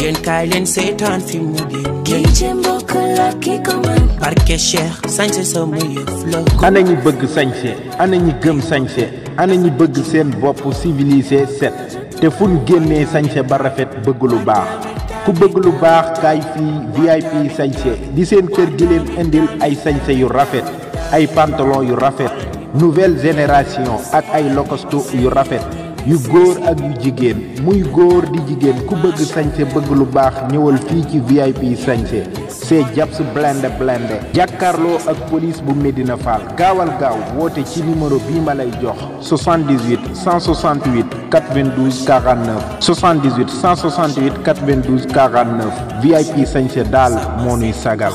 yéen kaay leen seetaan fi mu di kii ci mbokk la ki ko ana ñi bëgg sañse ana ñi gëm sañse ana ñi bëgg seen bopp civilisé set te fu génnee sañse ba rafet bëgg lu baax ku bëgg lu baax kaay fii VIP sañse di seen kër gi leen indil ay sañse yu rafet ay pantalon yu rafet nouvelle génération ak ay lokostu yu rafet yu góor ak yu jigéen muy góor di jigéen ku bëgg sañse bëgg lu baax ñëwal fii ci VIP sañse c'est Japs Blende Blende jàkkaarloo ak police bu Medina Fall gaawal gaaw woote ci numéro bii ma lay jox 78 168 92 49 78 168 VIP sañse daal moo nuy sagal.